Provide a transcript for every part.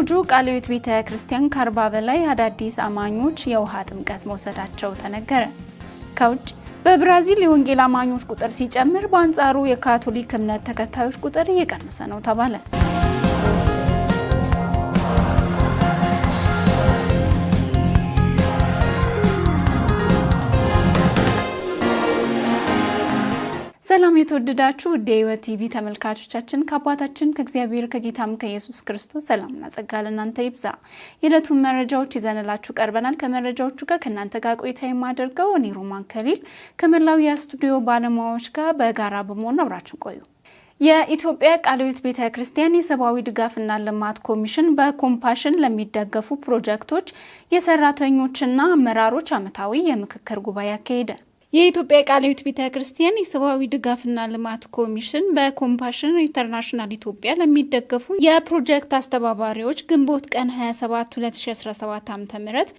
የውጁ ቃለዊት ቤተ ክርስቲያን ከአርባ በላይ አዳዲስ አማኞች የውሃ ጥምቀት መውሰዳቸው ተነገረ። ከውጭ በብራዚል የወንጌል አማኞች ቁጥር ሲጨምር፣ በአንጻሩ የካቶሊክ እምነት ተከታዮች ቁጥር እየቀነሰ ነው ተባለ። ሰላም የተወደዳችሁ ውድ የሕይወት ቲቪ ተመልካቾቻችን ከአባታችን ከእግዚአብሔር ከጌታም ከኢየሱስ ክርስቶስ ሰላምና ጸጋ ለእናንተ ይብዛ። የዕለቱን መረጃዎች ይዘንላችሁ ቀርበናል። ከመረጃዎቹ ጋር ከእናንተ ጋር ቆይታ የማደርገው እኔ ሮማን ከሊል ከመላው የስቱዲዮ ባለሙያዎች ጋር በጋራ በመሆን አብራችን ቆዩ። የኢትዮጵያ ቃለ ሕይወት ቤተ ክርስቲያን የሰብአዊ ድጋፍና ልማት ኮሚሽን በኮምፓሽን ለሚደገፉ ፕሮጀክቶች የሰራተኞችና አመራሮች ዓመታዊ የምክክር ጉባኤ አካሄደ። የኢትዮጵያ የቃለ ሕይወት ቤተ ክርስቲያን የሰብአዊ ድጋፍና ልማት ኮሚሽን በኮምፓሽን ኢንተርናሽናል ኢትዮጵያ ለሚደገፉ የፕሮጀክት አስተባባሪዎች ግንቦት ቀን 27 2017 ዓ.ም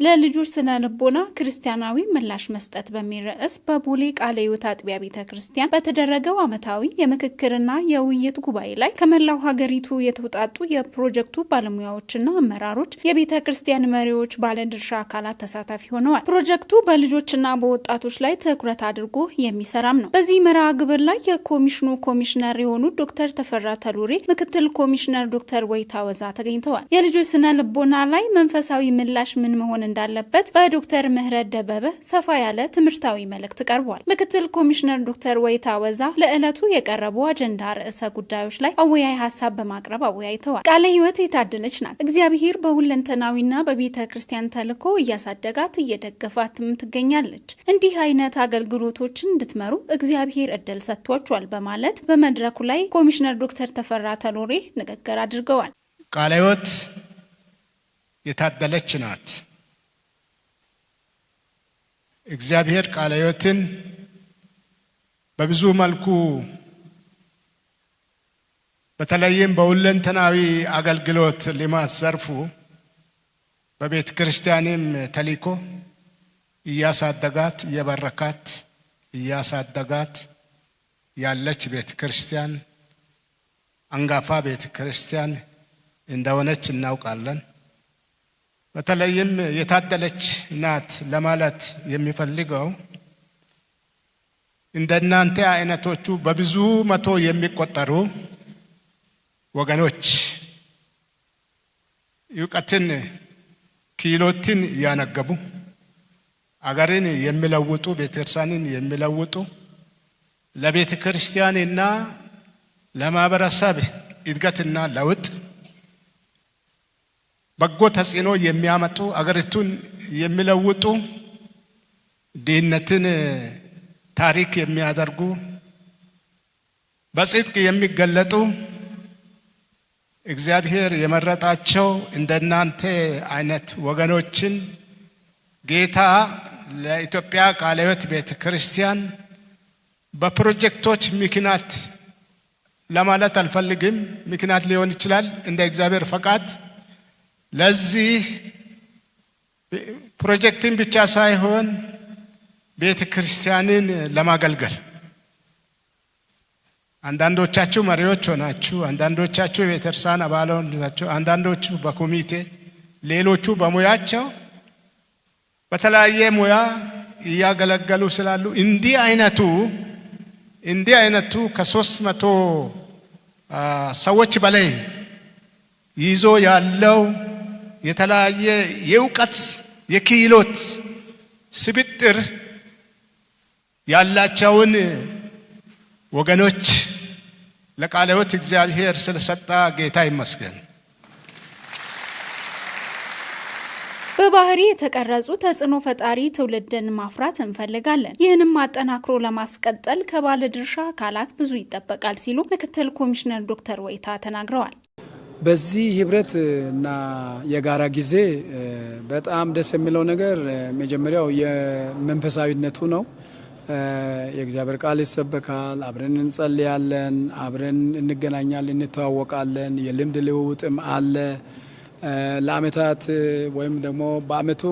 ለልጆች ስነ ልቦና ክርስቲያናዊ ምላሽ መስጠት በሚል ርዕስ በቦሌ ቃለ ሕይወት አጥቢያ ቤተ ክርስቲያን በተደረገው ዓመታዊ የምክክርና የውይይት ጉባኤ ላይ ከመላው ሀገሪቱ የተውጣጡ የፕሮጀክቱ ባለሙያዎችና አመራሮች፣ የቤተ ክርስቲያን መሪዎች፣ ባለድርሻ አካላት ተሳታፊ ሆነዋል። ፕሮጀክቱ በልጆችና በወጣቶች ላይ ትኩረት አድርጎ የሚሰራም ነው። በዚህ መርሃ ግብር ላይ የኮሚሽኑ ኮሚሽነር የሆኑት ዶክተር ተፈራ ተሉሬ፣ ምክትል ኮሚሽነር ዶክተር ወይታ ወዛ ተገኝተዋል። የልጆች ስነ ልቦና ላይ መንፈሳዊ ምላሽ ምን መሆን እንዳለበት በዶክተር ምህረት ደበበ ሰፋ ያለ ትምህርታዊ መልእክት ቀርቧል። ምክትል ኮሚሽነር ዶክተር ወይታ ወዛ ለዕለቱ የቀረቡ አጀንዳ ርዕሰ ጉዳዮች ላይ አወያይ ሀሳብ በማቅረብ አወያይተዋል። ቃለ ሕይወት የታደለች ናት። እግዚአብሔር በሁለንተናዊና በቤተ ክርስቲያን ተልኮ እያሳደጋት እየደገፋትም ትገኛለች። እንዲህ አይነት አገልግሎቶችን እንድትመሩ እግዚአብሔር እድል ሰጥቷቸዋል በማለት በመድረኩ ላይ ኮሚሽነር ዶክተር ተፈራ ተኖሬ ንግግር አድርገዋል። ቃለ ሕይወት የታደለች ናት። እግዚአብሔር ቃለ ሕይወትን በብዙ መልኩ በተለይም በሁለንተናዊ አገልግሎት ልማት ዘርፉ በቤተ ክርስቲያንም ተሊኮ እያሳደጋት እየበረካት እያሳደጋት ያለች ቤተ ክርስቲያን አንጋፋ ቤተ ክርስቲያን እንደሆነች እናውቃለን። በተለይም የታደለች ናት ለማለት የሚፈልገው እንደናንተ አይነቶቹ በብዙ መቶ የሚቆጠሩ ወገኖች እውቀትን ክህሎትን እያነገቡ አገርን የሚለውጡ ቤተክርስቲያንን የሚለውጡ ለቤተ ክርስቲያንና ለማህበረሰብ እድገትና ለውጥ በጎ ተጽዕኖ የሚያመጡ አገሪቱን የሚለውጡ ድህነትን ታሪክ የሚያደርጉ በጽድቅ የሚገለጡ እግዚአብሔር የመረጣቸው እንደናንተ አይነት ወገኖችን ጌታ ለኢትዮጵያ ቃለ ሕይወት ቤተ ክርስቲያን በፕሮጀክቶች ምክንያት ለማለት አልፈልግም፣ ምክንያት ሊሆን ይችላል። እንደ እግዚአብሔር ፈቃድ ለዚህ ፕሮጀክትን ብቻ ሳይሆን ቤተ ክርስቲያንን ለማገልገል አንዳንዶቻችሁ መሪዎች ሆናችሁ፣ አንዳንዶቻችሁ የቤተክርስቲያን አባል ሆናችሁ፣ አንዳንዶቹ በኮሚቴ ሌሎቹ በሙያቸው በተለያየ ሙያ እያገለገሉ ስላሉ እንዲህ አይነቱ እንዲህ አይነቱ ከሶስት መቶ ሰዎች በላይ ይዞ ያለው የተለያየ የእውቀት የክህሎት ስብጥር ያላቸውን ወገኖች ለቃለ ሕይወት እግዚአብሔር ስለሰጣ ጌታ ይመስገን። በባህሪ የተቀረጹ ተጽዕኖ ፈጣሪ ትውልድን ማፍራት እንፈልጋለን። ይህንም አጠናክሮ ለማስቀጠል ከባለድርሻ አካላት ብዙ ይጠበቃል ሲሉ ምክትል ኮሚሽነር ዶክተር ወይታ ተናግረዋል። በዚህ ህብረት እና የጋራ ጊዜ በጣም ደስ የሚለው ነገር መጀመሪያው የመንፈሳዊነቱ ነው። የእግዚአብሔር ቃል ይሰበካል። አብረን እንጸልያለን፣ አብረን እንገናኛለን፣ እንተዋወቃለን። የልምድ ልውውጥም አለ። ለአመታት ወይም ደግሞ በአመቱ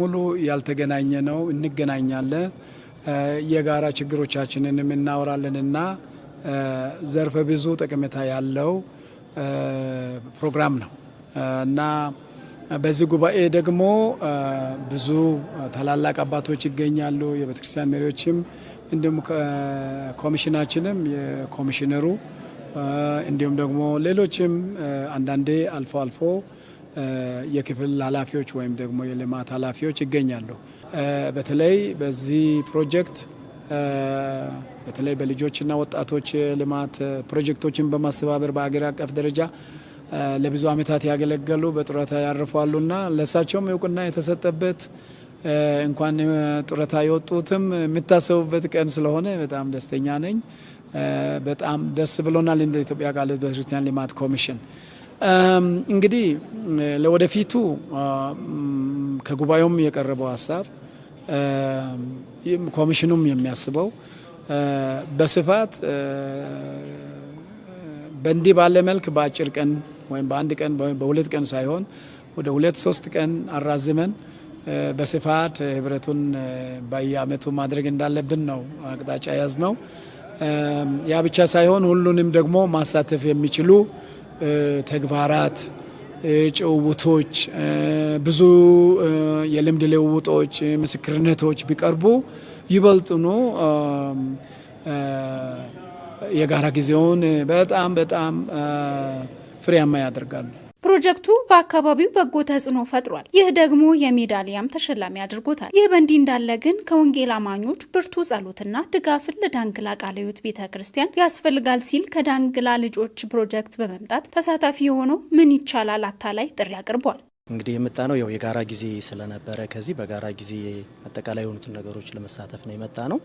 ሙሉ ያልተገናኘ ነው። እንገናኛለን፣ የጋራ ችግሮቻችንንም እናወራለንና ዘርፈ ብዙ ጠቀሜታ ያለው ፕሮግራም ነው እና በዚህ ጉባኤ ደግሞ ብዙ ታላላቅ አባቶች ይገኛሉ። የቤተክርስቲያን መሪዎችም እንዲሁም ኮሚሽናችንም የኮሚሽነሩ እንዲሁም ደግሞ ሌሎችም አንዳንዴ አልፎ አልፎ የክፍል ኃላፊዎች ወይም ደግሞ የልማት ኃላፊዎች ይገኛሉ። በተለይ በዚህ ፕሮጀክት በተለይ በልጆችና ወጣቶች ልማት ፕሮጀክቶችን በማስተባበር በአገር አቀፍ ደረጃ ለብዙ ዓመታት ያገለገሉ በጡረታ ያርፏሉና ለእሳቸውም እውቅና የተሰጠበት እንኳን ጡረታ የወጡትም የምታሰቡበት ቀን ስለሆነ በጣም ደስተኛ ነኝ። በጣም ደስ ብሎናል እንደ ኢትዮጵያ ቃለ ቤተ ልማት ኮሚሽን እንግዲህ ለወደፊቱ ከጉባኤውም የቀረበው ሀሳብ ኮሚሽኑም የሚያስበው በስፋት በእንዲህ ባለ መልክ በአጭር ቀን ወይም በአንድ ቀን በሁለት ቀን ሳይሆን ወደ ሁለት ሶስት ቀን አራዝመን በስፋት ህብረቱን በየአመቱ ማድረግ እንዳለብን ነው አቅጣጫ ያዝ ነው። ያ ብቻ ሳይሆን ሁሉንም ደግሞ ማሳተፍ የሚችሉ ተግባራት፣ ጭውውቶች፣ ብዙ የልምድ ልውውጦች፣ ምስክርነቶች ቢቀርቡ ይበልጥኑ የጋራ ጊዜውን በጣም በጣም ፍሬያማ ያደርጋሉ። ፕሮጀክቱ በአካባቢው በጎ ተጽዕኖ ፈጥሯል። ይህ ደግሞ የሜዳሊያም ተሸላሚ አድርጎታል። ይህ በእንዲህ እንዳለ ግን ከወንጌል አማኞች ብርቱ ጸሎትና ድጋፍን ለዳንግላ ቃለ ሕይወት ቤተ ክርስቲያን ያስፈልጋል ሲል ከዳንግላ ልጆች ፕሮጀክት በመምጣት ተሳታፊ የሆነው ምን ይቻላል አታላይ ጥሪ አቅርቧል። እንግዲህ የመጣ ነው ያው የጋራ ጊዜ ስለነበረ ከዚህ በጋራ ጊዜ አጠቃላይ የሆኑትን ነገሮች ለመሳተፍ ነው የመጣ ነው።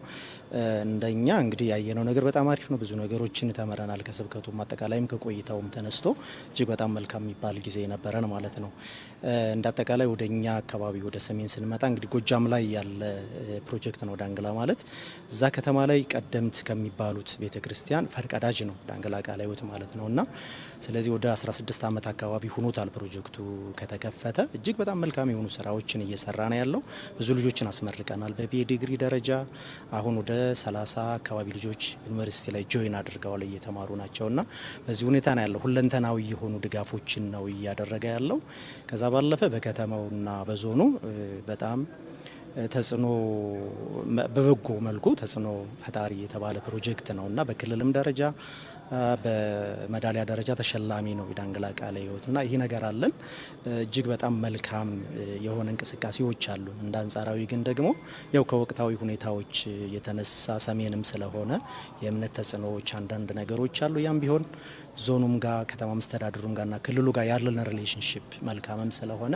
እንደኛ እንግዲህ ያየነው ነገር በጣም አሪፍ ነው። ብዙ ነገሮችን ተምረናል። ከስብከቱም አጠቃላይም ከቆይታውም ተነስቶ እጅግ በጣም መልካም የሚባል ጊዜ ነበረን ማለት ነው። እንደ አጠቃላይ ወደ እኛ አካባቢ ወደ ሰሜን ስንመጣ እንግዲህ ጎጃም ላይ ያለ ፕሮጀክት ነው ዳንግላ ማለት። እዛ ከተማ ላይ ቀደምት ከሚባሉት ቤተ ክርስቲያን ፈርቀዳጅ ነው ዳንግላ ቃለ ሕይወት ማለት ነው እና ስለዚህ ወደ 16 ዓመት አካባቢ ሆኖታል ፕሮጀክቱ ከተከፈተ። እጅግ በጣም መልካም የሆኑ ስራዎችን እየሰራ ነው ያለው። ብዙ ልጆችን አስመርቀናል። በቢኤ ዲግሪ ደረጃ አሁን ወደ 30 አካባቢ ልጆች ዩኒቨርሲቲ ላይ ጆይን አድርገዋል እየተማሩ ናቸውና በዚህ ሁኔታ ነው ያለው። ሁለንተናዊ የሆኑ ድጋፎችን ነው እያደረገ ያለው። ከዛ ባለፈ በከተማውና በዞኑ በጣም ተጽዕኖ በበጎ መልኩ ተጽዕኖ ፈጣሪ የተባለ ፕሮጀክት ነው እና በክልልም ደረጃ በመዳሊያ ደረጃ ተሸላሚ ነው የዳንግላ ቃለ ሕይወት እና ይህ ነገር አለን። እጅግ በጣም መልካም የሆነ እንቅስቃሴዎች አሉ። እንደ አንጻራዊ ግን ደግሞ ያው ከወቅታዊ ሁኔታዎች የተነሳ ሰሜንም ስለሆነ የእምነት ተጽዕኖዎች አንዳንድ ነገሮች አሉ። ያም ቢሆን ዞኑም ጋር ከተማ መስተዳድሩም ጋርና ክልሉ ጋር ያለን ሪሌሽንሽፕ መልካምም ስለሆነ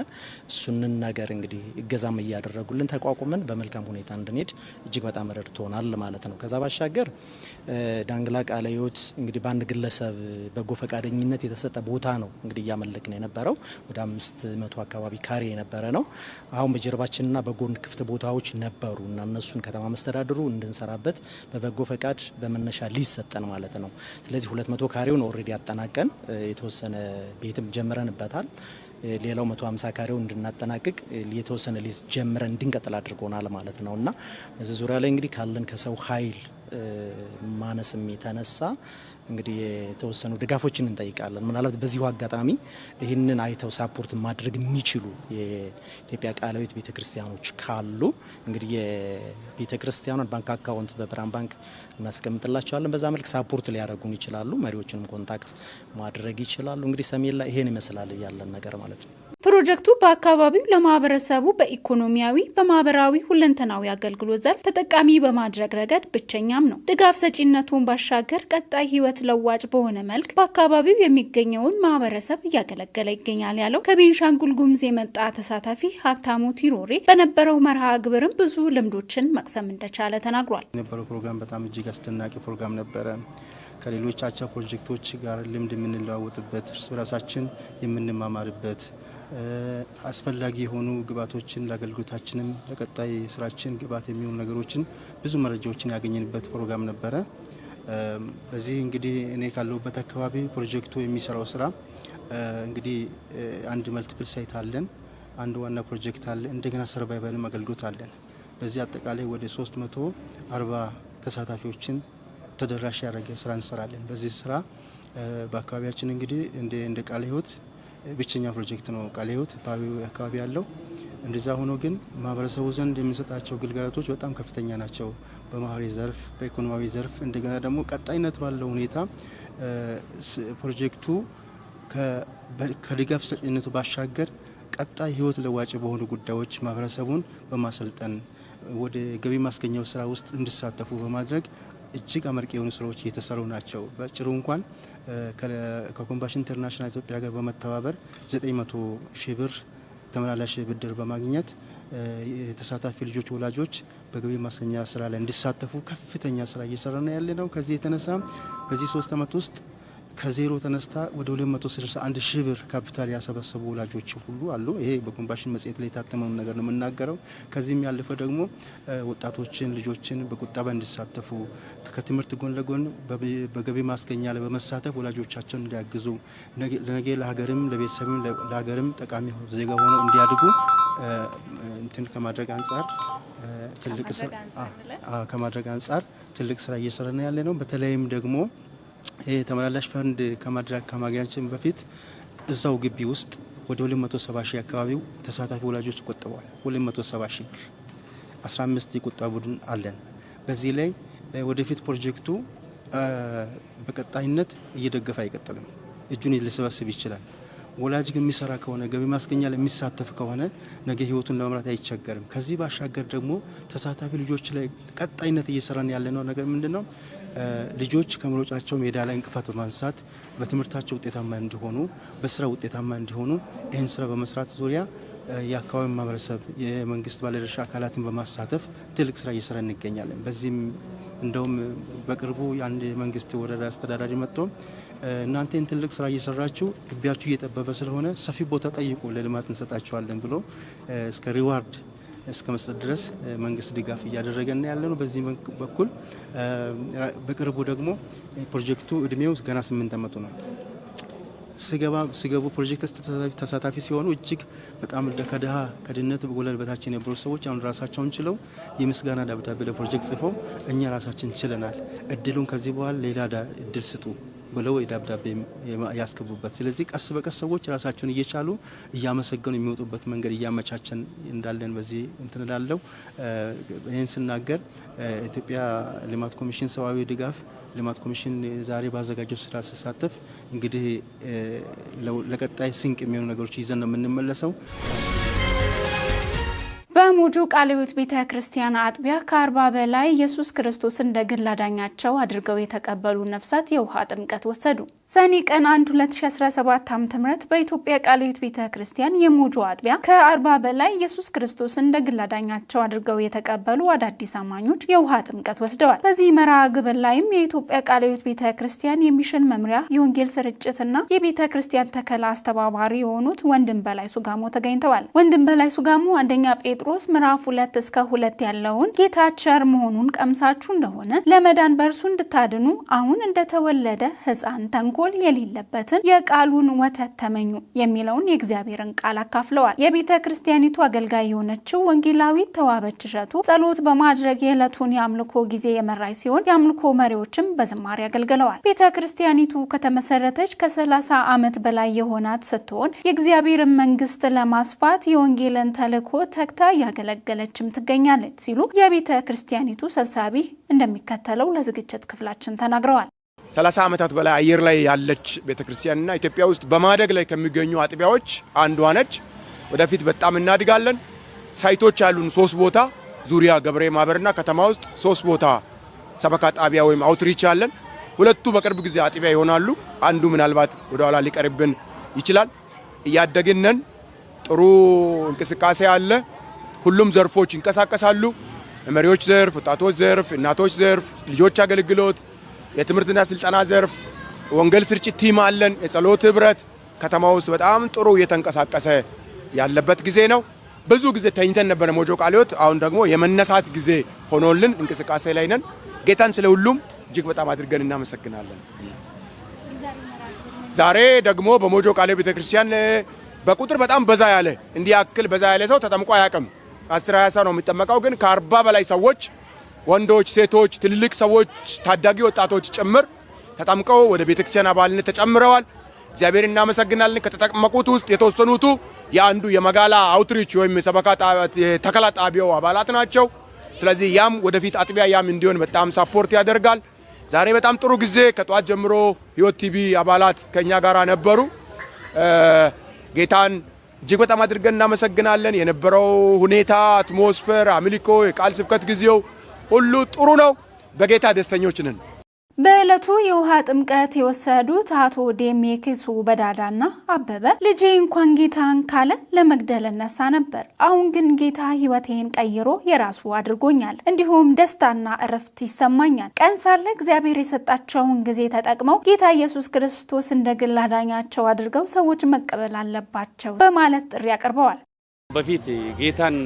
እሱንን ነገር እንግዲህ እገዛም እያደረጉልን ተቋቁመን በመልካም ሁኔታ እንድንሄድ እጅግ በጣም ረድቶናል ማለት ነው። ከዛ ባሻገር ዳንግላ ቃለ ሕይወት እንግዲህ በአንድ ግለሰብ በጎ ፈቃደኝነት የተሰጠ ቦታ ነው እንግዲህ እያመለክን የነበረው ወደ አምስት መቶ አካባቢ ካሬ የነበረ ነው። አሁን በጀርባችንና በጎን ክፍት ቦታዎች ነበሩ እና እነሱን ከተማ መስተዳድሩ እንድንሰራበት በበጎ ፈቃድ በመነሻ ሊሰጠን ማለት ነው። ስለዚህ ሁለት መቶ ካሬውን ኦልሬዲ ኦልሬዲ አጠናቀን የተወሰነ ቤትም ጀምረንበታል። ሌላው 150 ካሬው እንድናጠናቅቅ የተወሰነ ሊዝ ጀምረን እንድንቀጥል አድርጎናል ማለት ነው እና በዚህ ዙሪያ ላይ እንግዲህ ካለን ከሰው ኃይል ማነስም የተነሳ እንግዲህ የተወሰኑ ድጋፎችን እንጠይቃለን። ምናልባት በዚሁ አጋጣሚ ይህንን አይተው ሳፖርት ማድረግ የሚችሉ የኢትዮጵያ ቃላዊት ቤተ ክርስቲያኖች ካሉ እንግዲህ የቤተ ክርስቲያኗን ባንክ አካውንት በብርሃን ባንክ እናስቀምጥላቸዋለን። በዛ መልክ ሳፖርት ሊያደርጉን ይችላሉ። መሪዎችንም ኮንታክት ማድረግ ይችላሉ። እንግዲህ ሰሜን ላይ ይሄን ይመስላል ያለን ነገር ማለት ነው። ፕሮጀክቱ በአካባቢው ለማህበረሰቡ በኢኮኖሚያዊ፣ በማህበራዊ ሁለንተናዊ አገልግሎት ዘርፍ ተጠቃሚ በማድረግ ረገድ ብቸኛም ነው። ድጋፍ ሰጪነቱን ባሻገር ቀጣይ ህይወት ለዋጭ በሆነ መልክ በአካባቢው የሚገኘውን ማህበረሰብ እያገለገለ ይገኛል ያለው ከቤንሻንጉል ጉምዝ የመጣ ተሳታፊ ሀብታሙ ቲሮሬ በነበረው መርሃ ግብርም ብዙ ልምዶችን መቅሰም እንደቻለ ተናግሯል። የነበረው ፕሮግራም በጣም እጅግ አስደናቂ ፕሮግራም ነበረ። ከሌሎች አቻ ፕሮጀክቶች ጋር ልምድ የምንለዋወጥበት እርስ በራሳችን የምንማማርበት አስፈላጊ የሆኑ ግብዓቶችን ለአገልግሎታችንም ለቀጣይ ስራችን ግብዓት የሚሆኑ ነገሮችን ብዙ መረጃዎችን ያገኘንበት ፕሮግራም ነበረ። በዚህ እንግዲህ እኔ ካለሁበት አካባቢ ፕሮጀክቱ የሚሰራው ስራ እንግዲህ አንድ መልቲፕል ሳይት አለን፣ አንድ ዋና ፕሮጀክት አለ፣ እንደገና ሰርቫይቫልም አገልግሎት አለን። በዚህ አጠቃላይ ወደ 340 ተሳታፊዎችን ተደራሽ ያደረገ ስራ እንሰራለን። በዚህ ስራ በአካባቢያችን እንግዲህ እንደ ቃለ ህይወት ብቸኛ ፕሮጀክት ነው ቃለ ሕይወት አካባቢ ያለው። እንደዛ ሆኖ ግን ማህበረሰቡ ዘንድ የምንሰጣቸው ግልጋሎቶች በጣም ከፍተኛ ናቸው። በማህበራዊ ዘርፍ፣ በኢኮኖሚያዊ ዘርፍ እንደገና ደግሞ ቀጣይነት ባለው ሁኔታ ፕሮጀክቱ ከድጋፍ ሰጭነቱ ባሻገር ቀጣይ ህይወት ለዋጭ በሆኑ ጉዳዮች ማህበረሰቡን በማሰልጠን ወደ ገቢ ማስገኛው ስራ ውስጥ እንዲሳተፉ በማድረግ እጅግ አመርቂ የሆኑ ስራዎች እየተሰሩ ናቸው። በጭሩ እንኳን ከኮምባሽን ኢንተርናሽናል ኢትዮጵያ ጋር በመተባበር 900 ሺህ ብር ተመላላሽ ብድር በማግኘት የተሳታፊ ልጆች ወላጆች በገቢ ማስገኛ ስራ ላይ እንዲሳተፉ ከፍተኛ ስራ እየሰራ ነው ያለ ነው። ከዚህ የተነሳ በዚህ ሶስት አመት ውስጥ ከዜሮ ተነስታ ወደ 261 ሺህ ብር ካፒታል ያሰበሰቡ ወላጆች ሁሉ አሉ። ይሄ በኮምባሽን መጽሔት ላይ የታተመውን ነገር ነው የምናገረው። ከዚህም ያለፈ ደግሞ ወጣቶችን ልጆችን በቁጠባ እንዲሳተፉ ከትምህርት ጎን ለጎን በገቢ ማስገኛ ላይ በመሳተፍ ወላጆቻቸውን እንዲያግዙ ለነገ ለሀገርም ለቤተሰብም ለሀገርም ጠቃሚ ዜጋ ሆነው እንዲያድጉ እንትን ከማድረግ አንጻር ትልቅ ስራ ከማድረግ አንጻር ትልቅ ስራ እየሰራ ያለ ነው። በተለይም ደግሞ ይህ ተመላላሽ ፈንድ ከማድረግ ከማግኛችን በፊት እዛው ግቢ ውስጥ ወደ 270 ሺህ አካባቢው ተሳታፊ ወላጆች ቆጥበዋል። 270 ሺህ ብር 15 የቁጠባ ቡድን አለን። በዚህ ላይ ወደፊት ፕሮጀክቱ በቀጣይነት እየደገፈ አይቀጥልም። እጁን ሊሰበስብ ይችላል። ወላጅ ግን የሚሰራ ከሆነ ገቢ ማስገኛ ላይ የሚሳተፍ ከሆነ ነገ ህይወቱን ለመምራት አይቸገርም። ከዚህ ባሻገር ደግሞ ተሳታፊ ልጆች ላይ ቀጣይነት እየሰራን ያለነው ነገር ምንድን ነው? ልጆች ከመሮጫቸው ሜዳ ላይ እንቅፋት በማንሳት በትምህርታቸው ውጤታማ እንዲሆኑ፣ በስራ ውጤታማ እንዲሆኑ ይህን ስራ በመስራት ዙሪያ የአካባቢ ማህበረሰብ የመንግስት ባለድርሻ አካላትን በማሳተፍ ትልቅ ስራ እየሰራ እንገኛለን። በዚህም እንደውም በቅርቡ የአንድ መንግስት ወረዳ አስተዳዳሪ መጥቶ እናንተን ትልቅ ስራ እየሰራችሁ ግቢያችሁ እየጠበበ ስለሆነ ሰፊ ቦታ ጠይቁ ለልማት እንሰጣችኋለን ብሎ እስከ ሪዋርድ እስከ መስጠት ድረስ መንግስት ድጋፍ እያደረገ ና ያለ ነው። በዚህ በኩል በቅርቡ ደግሞ ፕሮጀክቱ እድሜው ገና ስምንት አመቱ ነው። ስገቡ ፕሮጀክት ተሳታፊ ሲሆኑ እጅግ በጣም ከድሃ ከድህነት ወለል በታች የነበሩ ሰዎች አሁን ራሳቸውን ችለው የምስጋና ደብዳቤ ለፕሮጀክት ጽፈው እኛ ራሳችን ችለናል፣ እድሉን ከዚህ በኋላ ሌላ እድል ስጡ ብለው የደብዳቤ ያስገቡበት። ስለዚህ ቀስ በቀስ ሰዎች ራሳቸውን እየቻሉ እያመሰገኑ የሚወጡበት መንገድ እያመቻቸን እንዳለን በዚህ እንትን እላለሁ። ይህን ስናገር ኢትዮጵያ ልማት ኮሚሽን ሰብአዊ ድጋፍ ልማት ኮሚሽን ዛሬ ባዘጋጀው ስራ ስሳተፍ እንግዲህ ለቀጣይ ስንቅ የሚሆኑ ነገሮች ይዘን ነው የምንመለሰው። በሙጁ ቃለ ሕይወት ቤተ ክርስቲያን አጥቢያ ከአርባ በላይ ኢየሱስ ክርስቶስን እንደ ግል አዳኛቸው አድርገው የተቀበሉ ነፍሳት የውሃ ጥምቀት ወሰዱ። ሰኔ ቀን 1 2017 ዓ.ም በኢትዮጵያ ቃለ ሕይወት ቤተ ክርስቲያን የሞጆ አጥቢያ ከ40 በላይ ኢየሱስ ክርስቶስ እንደ ግል አዳኛቸው አድርገው የተቀበሉ አዳዲስ አማኞች የውሃ ጥምቀት ወስደዋል። በዚህ መርሃ ግብር ላይም የኢትዮጵያ ቃለ ሕይወት ቤተ ክርስቲያን የሚሽን መምሪያ የወንጌል ስርጭትና የቤተ ክርስቲያን ተከላ አስተባባሪ የሆኑት ወንድም በላይ ሱጋሞ ተገኝተዋል። ወንድም በላይ ሱጋሞ አንደኛ ጴጥሮስ ምዕራፍ 2 እስከ 2 ያለውን ጌታ ቸር መሆኑን ቀምሳችሁ እንደሆነ ለመዳን በእርሱ እንድታድኑ አሁን እንደተወለደ ሕፃን ተንኩ ተንኮል የሌለበትን የቃሉን ወተት ተመኙ የሚለውን የእግዚአብሔርን ቃል አካፍለዋል። የቤተ ክርስቲያኒቱ አገልጋይ የሆነችው ወንጌላዊት ተዋበች እሸቱ ጸሎት በማድረግ የዕለቱን የአምልኮ ጊዜ የመራች ሲሆን የአምልኮ መሪዎችም በዝማሬ አገልግለዋል። ቤተ ክርስቲያኒቱ ከተመሰረተች ከ30 ዓመት በላይ የሆናት ስትሆን የእግዚአብሔርን መንግስት ለማስፋት የወንጌልን ተልእኮ ተግታ እያገለገለችም ትገኛለች ሲሉ የቤተ ክርስቲያኒቱ ሰብሳቢ እንደሚከተለው ለዝግጅት ክፍላችን ተናግረዋል። 30 ዓመታት በላይ አየር ላይ ያለች ቤተክርስቲያንና ኢትዮጵያ ውስጥ በማደግ ላይ ከሚገኙ አጥቢያዎች አንዷ ነች። ወደፊት በጣም እናድጋለን። ሳይቶች ያሉን ሶስት ቦታ ዙሪያ ገብሬ ማህበርና ከተማ ውስጥ ሶስት ቦታ ሰበካ ጣቢያ ወይም አውትሪች አለን። ሁለቱ በቅርብ ጊዜ አጥቢያ ይሆናሉ። አንዱ ምናልባት ወደኋላ ሊቀርብን ይችላል። እያደግነን ጥሩ እንቅስቃሴ አለ። ሁሉም ዘርፎች ይንቀሳቀሳሉ። መሪዎች ዘርፍ፣ ወጣቶች ዘርፍ፣ እናቶች ዘርፍ፣ ልጆች አገልግሎት የትምህርትና ስልጠና ዘርፍ፣ ወንጌል ስርጭት ቲም አለን፣ የጸሎት ህብረት ከተማ ውስጥ በጣም ጥሩ እየተንቀሳቀሰ ያለበት ጊዜ ነው። ብዙ ጊዜ ተኝተን ነበረ ሞጆ ቃሊዮት አሁን ደግሞ የመነሳት ጊዜ ሆኖልን እንቅስቃሴ ላይ ነን። ጌታን ስለ ሁሉም እጅግ በጣም አድርገን እናመሰግናለን። ዛሬ ደግሞ በሞጆ ቃለ ቤተክርስቲያን በቁጥር በጣም በዛ ያለ እንዲያክል በዛ ያለ ሰው ተጠምቆ አያውቅም። አስር ሃያ ሰው ነው የሚጠመቀው፣ ግን ከአርባ በላይ ሰዎች ወንዶች፣ ሴቶች፣ ትልልቅ ሰዎች፣ ታዳጊ ወጣቶች ጭምር ተጠምቀው ወደ ቤተክርስቲያን አባልነት ተጨምረዋል። እግዚአብሔር እናመሰግናለን። ከተጠመቁት ውስጥ የተወሰኑቱ የአንዱ የመጋላ አውትሪች ወይም የሰበካ ተከላ ጣቢያው አባላት ናቸው። ስለዚህ ያም ወደፊት አጥቢያ ያም እንዲሆን በጣም ሳፖርት ያደርጋል። ዛሬ በጣም ጥሩ ጊዜ ከጠዋት ጀምሮ ህይወት ቲቪ አባላት ከኛ ጋር ነበሩ። ጌታን እጅግ በጣም አድርገን እናመሰግናለን። የነበረው ሁኔታ አትሞስፌር፣ አምልኮ፣ የቃል ስብከት ጊዜው ሁሉ ጥሩ ነው። በጌታ ደስተኞች ነን። በዕለቱ የውሃ ጥምቀት የወሰዱት አቶ ዴሜክሱ በዳዳና አበበ ልጄ እንኳን ጌታን ካለ ለመግደል እነሳ ነበር። አሁን ግን ጌታ ሕይወቴን ቀይሮ የራሱ አድርጎኛል። እንዲሁም ደስታና እረፍት ይሰማኛል። ቀን ሳለ እግዚአብሔር የሰጣቸውን ጊዜ ተጠቅመው ጌታ ኢየሱስ ክርስቶስ እንደ ግል አዳኛቸው አድርገው ሰዎች መቀበል አለባቸው በማለት ጥሪ አቅርበዋል። በፊት ጌታን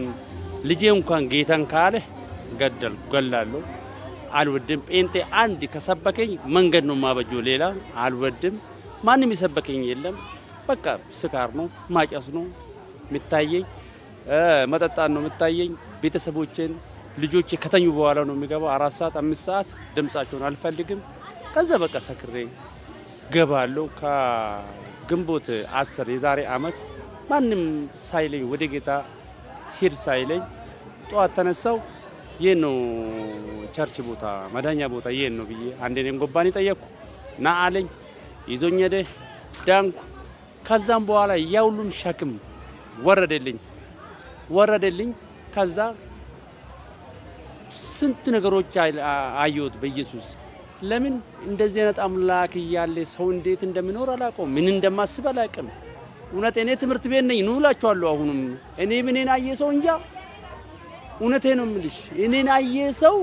ልጄ እንኳን ጌታን ካለ ገደል ገላሉ አልወድም። ጴንጤ አንድ ከሰበከኝ መንገድ ነው ማበጆ። ሌላ አልወድም። ማንም የሰበከኝ የለም። በቃ ስካር ነው ማጨስ ነው የሚታየኝ፣ መጠጣት ነው የሚታየኝ። ቤተሰቦችን ልጆች ከተኙ በኋላ ነው የሚገባው። አራት ሰዓት አምስት ሰዓት ድምጻቸውን አልፈልግም። ከዛ በቃ ሰክሬ ገባለሁ። ከግንቦት አስር የዛሬ አመት ማንም ሳይለኝ ወደ ጌታ ሂድ ሳይለኝ ጠዋት ተነሳው። ይህን ነው ቸርች ቦታ መዳኛ ቦታ ይህን ነው ብዬ አንዴ እኔም ጎባኔ ጠየቅኩ ና አለኝ። ይዞኝ ደ ዳንኩ። ከዛም በኋላ ያ ሁሉም ሸክም ወረደልኝ ወረደልኝ። ከዛ ስንት ነገሮች አየሁት በኢየሱስ። ለምን እንደዚህ አይነት አምላክ እያለ ሰው እንዴት እንደምኖር አላውቀውም፣ ምን እንደማስብ አላውቅም። እውነት እኔ ትምህርት ቤት ነኝ ኑ እላችኋለሁ። አሁንም እኔ ምንን አየ ሰው እንጃ እውነቴ ነው የምልሽ። እኔን አየ ሰው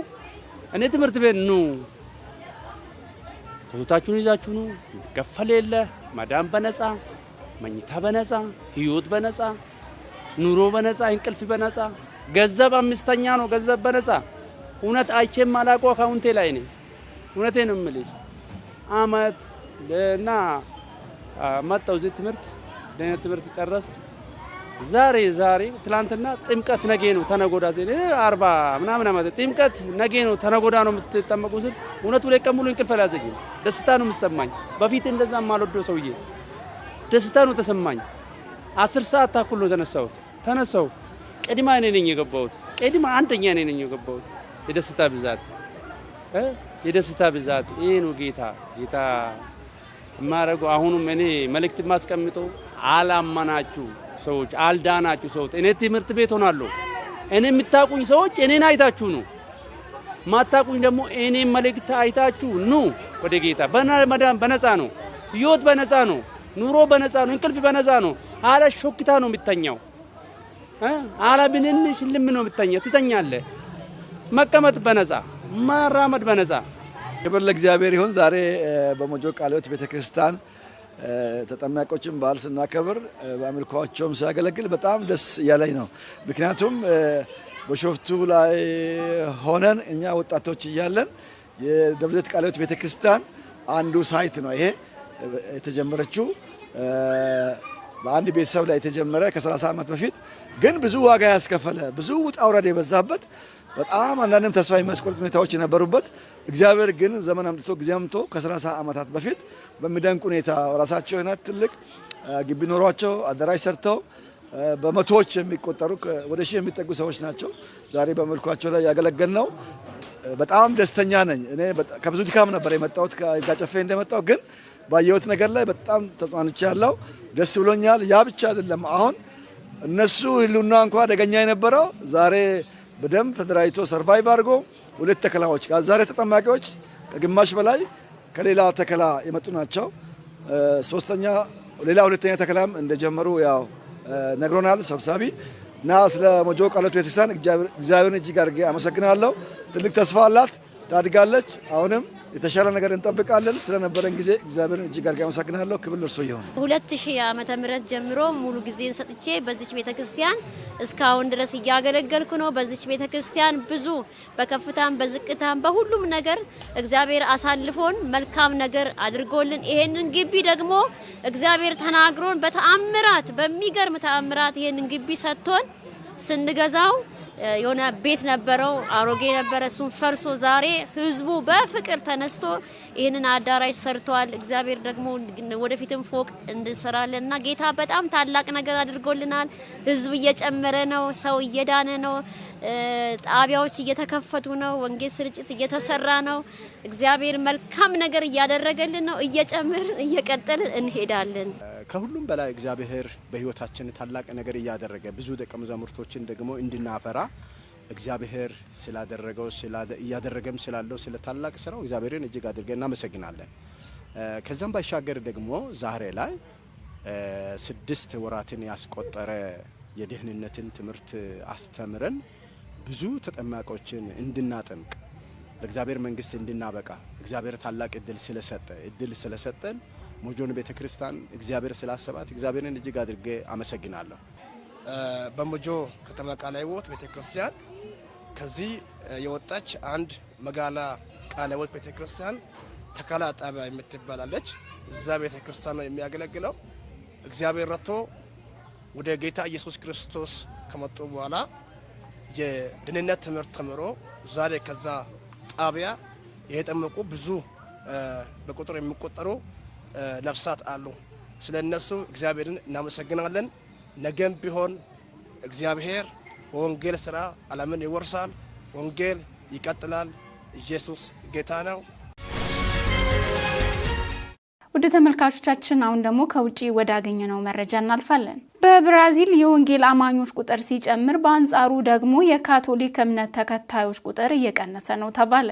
እኔ ትምህርት ቤት ነው ከቶታችሁን ይዛችሁ ነው የሚከፈል የለ ማዳም በነፃ መኝታ በነጻ ህይወት በነጻ ኑሮ በነፃ እንቅልፍ በነፃ ገንዘብ አምስተኛ ነው ገንዘብ በነፃ እውነት አይቼም አላቆ አካውንቴ ላይ ነኝ። እውነቴ ነው የምልሽ። አመት እና መጣው እዚህ ትምህርት ደህና ትምህርት ጨረስኩ። ዛሬ ዛሬ ትላንትና ጥምቀት ነጌ ነው ተነጎዳ አርባ ምናምን ዓመት ጥምቀት ነጌ ነው ተነጎዳ ነው የምትጠመቁ ስል እውነቱ ላይ ቀን ሙሉ እንቅልፍ አልያዘኝም። ደስታ ነው የምሰማኝ። በፊት እንደዛ ማልወደው ሰውዬ ደስታ ነው ተሰማኝ። አስር ሰዓት ታኩል ነው ተነሳሁት። ተነሳሁ ቅድማ እኔ ነኝ የገባሁት። ቅድማ አንደኛ እኔ ነኝ የገባሁት። የደስታ ብዛት የደስታ ብዛት ይህ ነው ጌታ ጌታ የማደርገው አሁኑም እኔ መልእክት የማስቀምጠው አላመናችሁ ሰዎች አልዳናችሁ ሰዎች እኔ ትምህርት ቤት ሆናለሁ። እኔ የምታቁኝ ሰዎች እኔን አይታችሁ ነው። ማታቁኝ ደግሞ እኔ መልእክት አይታችሁ ኑ ወደ ጌታ። በነፃ ነው ህይወት፣ በነፃ ነው ኑሮ፣ በነፃ ነው እንቅልፍ፣ በነፃ ነው። አለ ሾክታ ነው የምተኛው። አለ ብንን ሽልም ነው የምተኛ ትተኛለ። መቀመጥ በነፃ ማራመድ በነፃ ክብር ለእግዚአብሔር ይሁን። ዛሬ በሞጆ ቃለ ሕይወት ቤተክርስቲያን ተጠማቂዎችን በዓል ስናከብር በአምልኳቸውም ሲያገለግል በጣም ደስ እያለኝ ነው። ምክንያቱም በሾፍቱ ላይ ሆነን እኛ ወጣቶች እያለን የደብረዘይት ቃለ ሕይወት ቤተክርስቲያን አንዱ ሳይት ነው ይሄ የተጀመረችው በአንድ ቤተሰብ ላይ የተጀመረ ከ30 ዓመት በፊት ግን ብዙ ዋጋ ያስከፈለ ብዙ ውጣ ውረድ የበዛበት በጣም አንዳንድም ተስፋ የሚያስቆርጥ ሁኔታዎች የነበሩበት እግዚአብሔር ግን ዘመን አምጥቶ ጊዜ አምጥቶ ከሰላሳ ዓመታት በፊት በሚደንቅ ሁኔታ ራሳቸው የሆነ ትልቅ ግቢ ኖሯቸው አዳራሽ ሰርተው በመቶዎች የሚቆጠሩ ወደ ሺህ የሚጠጉ ሰዎች ናቸው ዛሬ በመልኳቸው ላይ ያገለገል ነው። በጣም ደስተኛ ነኝ። እኔ ከብዙ ድካም ነበር የመጣሁት ከጋጨፌ እንደመጣሁ ግን ባየሁት ነገር ላይ በጣም ተጽናንቻ ያለው ደስ ብሎኛል። ያ ብቻ አይደለም። አሁን እነሱ ህልውና እንኳ አደገኛ የነበረው ዛሬ በደንብ ተደራጅቶ ሰርቫይቭ አድርጎ ሁለት ተከላዎች ዛሬ ተጠማቂዎች ከግማሽ በላይ ከሌላ ተከላ የመጡ ናቸው። ሶስተኛ ሌላ ሁለተኛ ተከላም እንደጀመሩ ያው ነግሮናል ሰብሳቢ እና ስለ ሞጆ ቃለቱ ቤተክርስቲያን እግዚአብሔርን እጅግ አድርጌ አመሰግናለሁ። ትልቅ ተስፋ አላት። ታድጋለች። አሁንም የተሻለ ነገር እንጠብቃለን። ስለነበረን ጊዜ እግዚአብሔር እጅግ አድርጌ አመሰግናለሁ። ክብር ለእርሱ ይሁን። ሁለት ዓመተ ምህረት ጀምሮ ሙሉ ጊዜን ሰጥቼ በዚች ቤተ ክርስቲያን እስካሁን ድረስ እያገለገልኩ ነው። በዚች ቤተ ክርስቲያን ብዙ በከፍታም በዝቅታም በሁሉም ነገር እግዚአብሔር አሳልፎን መልካም ነገር አድርጎልን ይሄንን ግቢ ደግሞ እግዚአብሔር ተናግሮን በተአምራት በሚገርም ተአምራት ይሄንን ግቢ ሰጥቶን ስንገዛው የሆነ ቤት ነበረው አሮጌ ነበረ። እሱን ፈርሶ ዛሬ ህዝቡ በፍቅር ተነስቶ ይህንን አዳራሽ ሰርቷል። እግዚአብሔር ደግሞ ወደፊትም ፎቅ እንሰራለን እና ጌታ በጣም ታላቅ ነገር አድርጎልናል። ህዝብ እየጨመረ ነው። ሰው እየዳነ ነው። ጣቢያዎች እየተከፈቱ ነው። ወንጌል ስርጭት እየተሰራ ነው። እግዚአብሔር መልካም ነገር እያደረገልን ነው። እየጨምር እየቀጠልን እንሄዳለን። ከሁሉም በላይ እግዚአብሔር በህይወታችን ታላቅ ነገር እያደረገ ብዙ ደቀ መዛሙርቶችን ደግሞ እንድናፈራ እግዚአብሔር ስላደረገው እያደረገም ስላለው ስለ ታላቅ ስራው እግዚአብሔርን እጅግ አድርገን እናመሰግናለን። ከዛም ባሻገር ደግሞ ዛሬ ላይ ስድስት ወራትን ያስቆጠረ የደህንነትን ትምህርት አስተምረን ብዙ ተጠማቂዎችን እንድናጠምቅ ለእግዚአብሔር መንግስት እንድናበቃ እግዚአብሔር ታላቅ እድል ስለሰጠ እድል ስለሰጠን ሞጆን ቤተ ክርስቲያን እግዚአብሔር ስላሰባት እግዚአብሔርን እጅግ አድርጌ አመሰግናለሁ። በሞጆ ከተማ ቃለ ሕይወት ቤተ ክርስቲያን ከዚህ የወጣች አንድ መጋላ ቃለ ሕይወት ቤተ ክርስቲያን ተከላ ጣቢያ የምትባላለች። እዛ ቤተ ክርስቲያን ነው የሚያገለግለው። እግዚአብሔር ረቶ ወደ ጌታ ኢየሱስ ክርስቶስ ከመጡ በኋላ የደህንነት ትምህርት ተምሮ ዛሬ ከዛ ጣቢያ የተጠመቁ ብዙ በቁጥር የሚቆጠሩ ነፍሳት አሉ። ስለ እነሱ እግዚአብሔርን እናመሰግናለን። ነገም ቢሆን እግዚአብሔር በወንጌል ስራ ዓለምን ይወርሳል። ወንጌል ይቀጥላል። ኢየሱስ ጌታ ነው። ውድ ተመልካቾቻችን አሁን ደግሞ ከውጭ ወዳገኘነው መረጃ እናልፋለን። በብራዚል የወንጌል አማኞች ቁጥር ሲጨምር፣ በአንጻሩ ደግሞ የካቶሊክ እምነት ተከታዮች ቁጥር እየቀነሰ ነው ተባለ።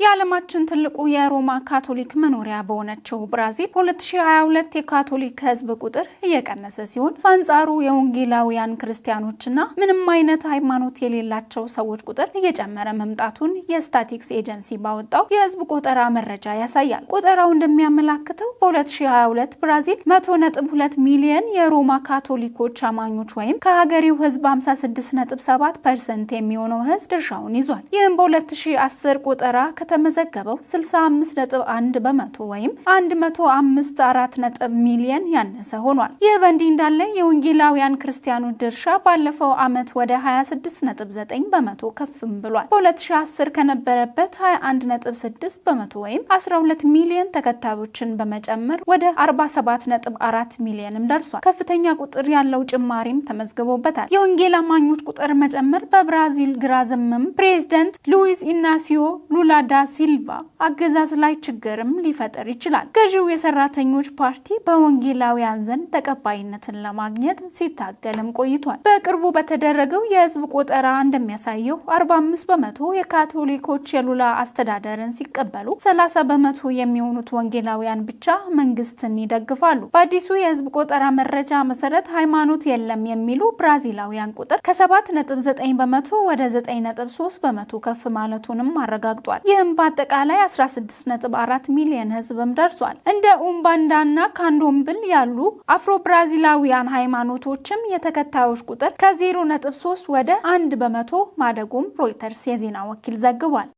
የዓለማችን ትልቁ የሮማ ካቶሊክ መኖሪያ በሆነችው ብራዚል 2022 የካቶሊክ ሕዝብ ቁጥር እየቀነሰ ሲሆን በአንጻሩ የወንጌላውያን ክርስቲያኖችና ምንም አይነት ሃይማኖት የሌላቸው ሰዎች ቁጥር እየጨመረ መምጣቱን የስታቲክስ ኤጀንሲ ባወጣው የሕዝብ ቆጠራ መረጃ ያሳያል። ቆጠራው እንደሚያመላክተው በ2022 ብራዚል 100.2 ሚሊየን የሮማ ካቶሊኮች አማኞች ወይም ከሀገሪው ሕዝብ 56.7 ፐርሰንት የሚሆነው ሕዝብ ድርሻውን ይዟል። ይህም በ2010 ቆጠራ ከተመዘገበው 65.1 በመቶ ወይም 105.4 ሚሊየን ያነሰ ሆኗል። ይህ በእንዲህ እንዳለ የወንጌላውያን ክርስቲያኑ ድርሻ ባለፈው ዓመት ወደ 26.9 በመቶ ከፍም ብሏል። በ2010 ከነበረበት 21.6 በመቶ ወይም 12 ሚሊየን ተከታዮችን በመጨመር ወደ 47.4 ሚሊየንም ደርሷል። ከፍተኛ ቁጥር ያለው ጭማሪም ተመዝግቦበታል። የወንጌል አማኞች ቁጥር መጨመር በብራዚል ግራ ዘመም ፕሬዚደንት ሉዊስ ኢናሲዮ ሉላ ዳ ሲልቫ አገዛዝ ላይ ችግርም ሊፈጥር ይችላል። ገዢው የሰራተኞች ፓርቲ በወንጌላውያን ዘንድ ተቀባይነትን ለማግኘት ሲታገልም ቆይቷል። በቅርቡ በተደረገው የህዝብ ቆጠራ እንደሚያሳየው 45 በመቶ የካቶሊኮች የሉላ አስተዳደርን ሲቀበሉ 30 በመቶ የሚሆኑት ወንጌላውያን ብቻ መንግስትን ይደግፋሉ። በአዲሱ የህዝብ ቆጠራ መረጃ መሰረት ሃይማኖት የለም የሚሉ ብራዚላውያን ቁጥር ከ7.9 በመቶ ወደ 9.3 በመቶ ከፍ ማለቱንም አረጋግጧል። ይህም በአጠቃላይ 16.4 ሚሊዮን ህዝብም ደርሷል። እንደ ኡምባንዳና ካንዶምብል ያሉ አፍሮ ብራዚላዊያን ሃይማኖቶችም የተከታዮች ቁጥር ከ0.3 ወደ 1 በመቶ ማደጉም ሮይተርስ የዜና ወኪል ዘግቧል።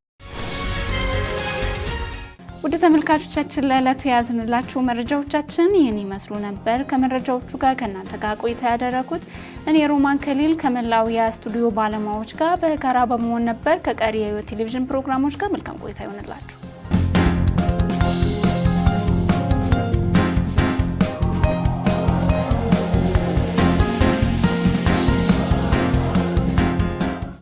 ውድ ተመልካቾቻችን ለዕለቱ የያዝንላችሁ መረጃዎቻችን ይህን ይመስሉ ነበር። ከመረጃዎቹ ጋር ከእናንተ ጋር ቆይታ ያደረኩት እኔ ሮማን ከሊል ከመላው የስቱዲዮ ባለሙያዎች ጋር በጋራ በመሆን ነበር። ከቀሪ የህይወት ቴሌቪዥን ፕሮግራሞች ጋር መልካም ቆይታ ይሆንላችሁ።